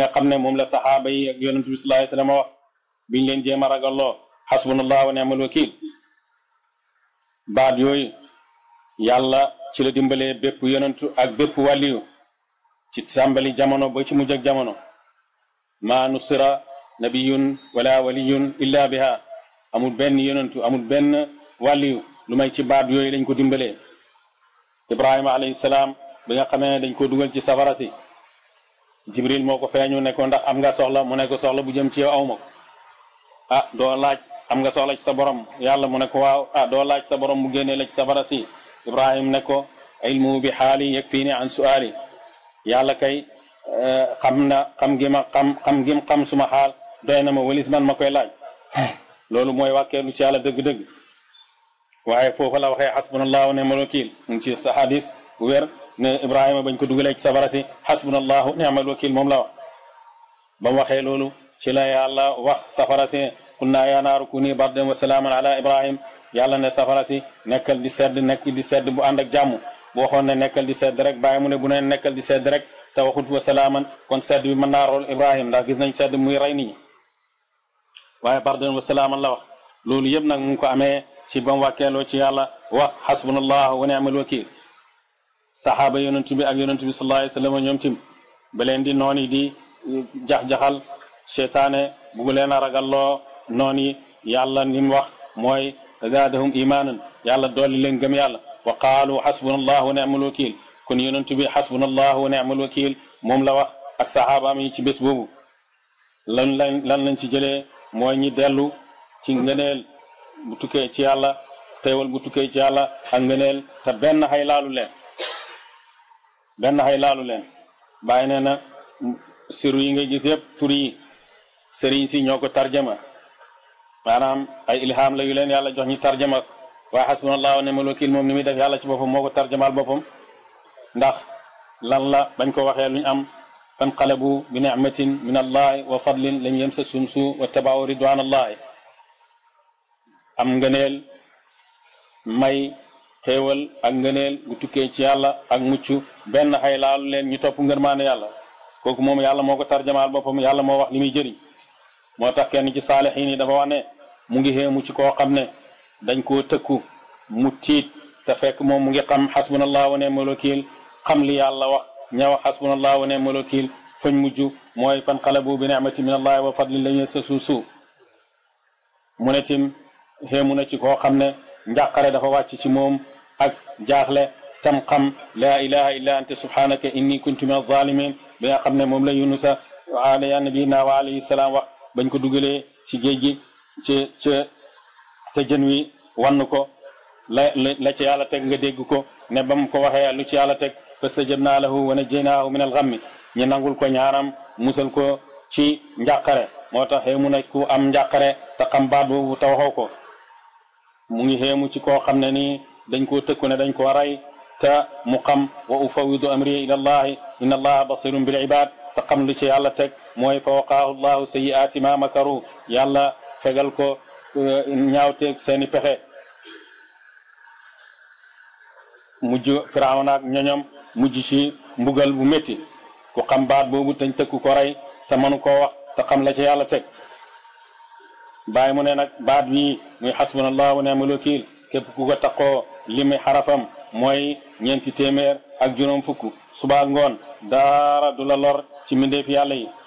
nga xam ne moom la saxaaba yi ak yonent bi sallallahu alayhi wasallam wax biñ leen jéem a ragalloo xasbunallah wa ni'mal wakil baat yooyu yàlla ci la dimbalee bépp yonentu ak bépp wàlliyu ci tàmbali jamono boo ci mujj ak jamono maa nusira nabiyun wala waliyun benn yonentu amul benn wàlliyu lu may ci baat yooyu lañ ko dimbalee ibrahima alayhi salaam nga xamee dañ ko dugal ci safara si jibril moo ko feeñu ne ko ndax am nga soxla mu ne ko soxla bu jëm ci yow aw ah, doo laaj am nga soxla ci sa borom yàlla mu ne ko waaw ah, doo laaj sa borom mu génne la ci safara si ibrahim ne ko ilmu bi xaali yakfini an suali yàlla kay eh, xam na xam gi ma xam xam xam suma xaal doy na ma walis man ma koy laaj loolu mooy wàkkeelu ci yàlla dëgg-dëgg waaye foofu waxee xasbunallahu ne malokil mu ci sa hadis bu ne Ibrahima bañ ko dugalee ci safara si xasbunallahu ni'mal wakil moom la wax ba mu ci la yàlla wax safara si ne qul naa kuni bardan wa salaman ala Ibrahim yàlla ne safara si nekkal di sedd nekk di sedd bu ànd ak jàmm bu waxoon ne nekkal di sedd rek bàyyi ne bu ne nekkal di sedd rek te waxut wa salaaman kon sedd bi mën naa Ibrahim ndax gis nañ sedd muy rey nit ñi waaye bardan wa salaaman la wax loolu yëpp nag mu ngi ko amee ci ba mu wàkkeeloo ci yàlla wax xasbunallahu wa ni'mal wakil saxaaba yonent bi ak yonent bi sallallahu alayhi wa sallam ñoom tim ba leen di noon yi di jax-jaxal seytaane bu mu leen a ragalloo yi yàlla ni wax mooy zaadahum imaanan yàlla doolli leen gëm yàlla wa qaalu xasbuna allah wa ni'mal wakil kon yonent bi xasbuna allah wa ni'mal wakil moom la wax ak saxaabaam yi ci bés boobu lan lañ lan lañ ci jëlee mooy ñi dellu ci ngëneel bu tukkee ci yàlla teewal bu tukkee ci yàlla ak ngëneel te laalu leen ben hay laalu len bàyyi na siru yi nga gis yeb turi sëriñ si ñoko tarjama maanaam ay ilham la yu len yàlla jox ñi tarjama wa hasbunallahu wa ni'mal wakeel mom ni def yàlla ci boppam moko ko tarjamaal ndax lan la bañ ko waxe luñ am qalabu bi ni'matin min allahi wa fadlin lam yamsa sumsu wa tabaaw ridwanallahi am ngëneel may xéewal ak ngëneel gu tukkee ci yàlla ak mucc benn xay laalu leen ñu topp ngërmaane yàlla kooku moom yàlla moo ko tarjamaal boppam yàlla moo wax li muy jëriñ moo tax kenn ci saalixiin yi dafa wax ne mu ngi xéemu ci koo xam ne dañ koo tëkku mu tiit te fekk moom mu ngi xam xasbunallah wa ni'mal wakiil xam li yàlla wax ña wax xasbunallah wa ni'mal wakiil fañ mujj mooy fan xalabu bi ni'mati min allahi wa fadlin suu mu ci koo xam ne njàqare dafa wàcc ci moom ak jaaxle tam xam laa ilaha illa anta subhanaka inni kuntu min azalimin bi nga xam ne moom la yunusa alayhi nabiyina wa alayhi salaam wax bañ ko dugalee ci géej gi ci ci te jën wi wann ko la la ci yàlla teg nga dégg ko ne ba mu ko waxee lu ci yàlla teg fastajabnaa lahu wa najaynaahu min alxammi ñu nangul ko ñaaram musal ko ci njàqare moo tax xéemu na ku am njàqare te xam baat boobu mu ngi xéemu ci koo xam ne دنكو تكون دنكو أري تا مقام وأفوض أمري إلى الله إن الله بصير بالعباد فقم لشي الله تك موي فوقاه الله سيئات ما مكروا يا الله فقالكو نياوتك سيني بخي مجو فرعوناك نيانيام مجي شي مبغل بميتي كو خم بات بوبو تن تكو كوراي تا مانوكو واخ تا خم لاشي يالا تك باي مو نه نك بات حسبنا الله ونعم الوكيل képp ku ko taqoo limi xarafam mooy ñeenti téeméer ak juróom fukk suba ngoon daara du la lor ci mbindeef yàlla yi